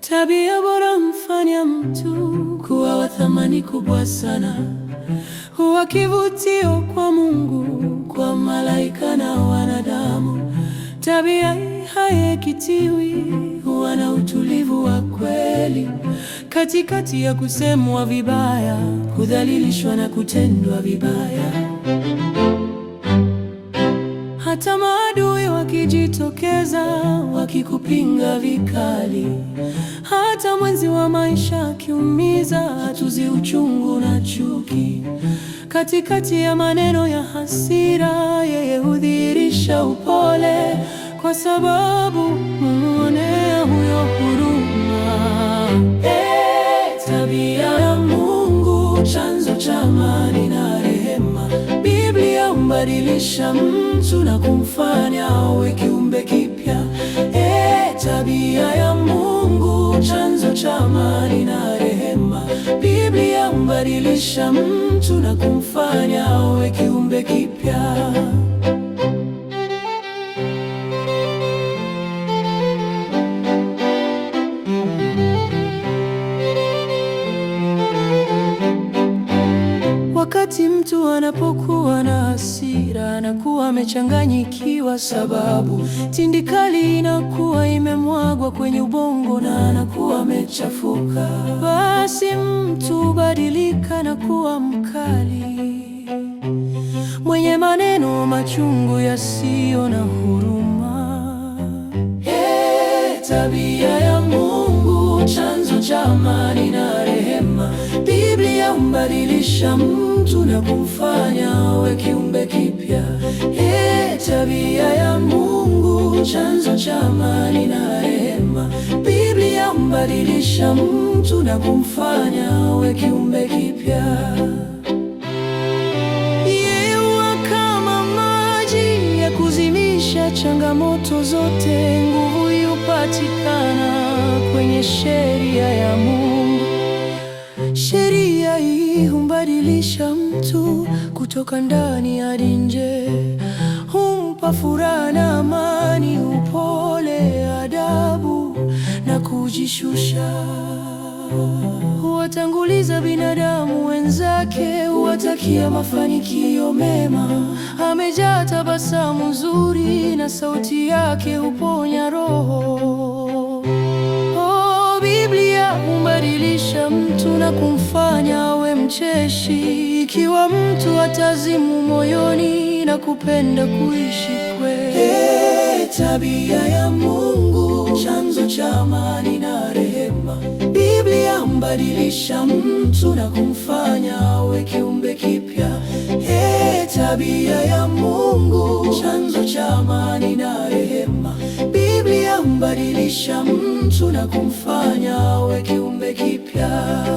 Tabia bora mfanya mtu kuwa wa thamani kubwa sana, huwa kivutio kwa Mungu, kwa malaika na wanadamu. Tabia hayekitiwi, huwa na utulivu wa kweli katikati ya kusemwa vibaya kudhalilishwa na kutendwa vibaya. Hata maadui wakijitokeza wakikupinga vikali, hata mwenzi wa maisha akiumiza, hatuzi uchungu na chuki. Katikati ya maneno ya hasira, yeye hudhihirisha upole, kwa sababu mumuone kumbadilisha mtu na kumfanya awe kiumbe kipya. E, tabia ya Mungu, chanzo cha amani na rehema. Biblia humbadilisha mtu na kumfanya awe kiumbe kipya. Wakati mtu anapokuwa na hasira anakuwa amechanganyikiwa, sababu tindikali inakuwa imemwagwa kwenye ubongo na anakuwa amechafuka. Basi mtu hubadilika na kuwa mkali, mwenye maneno machungu yasiyo na huruma. Hey, tabia ya Mungu chanzo cha amani na rehema. Biblia humbadilisha mtu mtu na kumfanya awe kiumbe kipya. Ye, tabia ya Mungu, chanzo cha amani na rehema. Biblia humbadilisha mtu na kumfanya awe kiumbe kipya. changamoto zote, nguvu yupatikana kwenye sheria ya Mungu. Sheria Humlisha mtu kutoka ndani hadi nje, humpa furaha na amani, upole, adabu na kujishusha. Huwatanguliza binadamu wenzake, huwatakia mafanikio mema. Amejaa tabasamu zuri, na sauti yake huponya roho. Oh, Biblia humbadilisha mtu na kumfanya mcheshi, ikiwa mtu atazimu moyoni na kupenda kuishi kweli. Hey, tabia ya Mungu chanzo cha amani na rehema. Biblia mbadilisha mtu na kumfanya awe kiumbe kipya. Hey, tabia ya Mungu chanzo cha amani na rehema. Biblia mbadilisha mtu na kumfanya awe kiumbe kipya.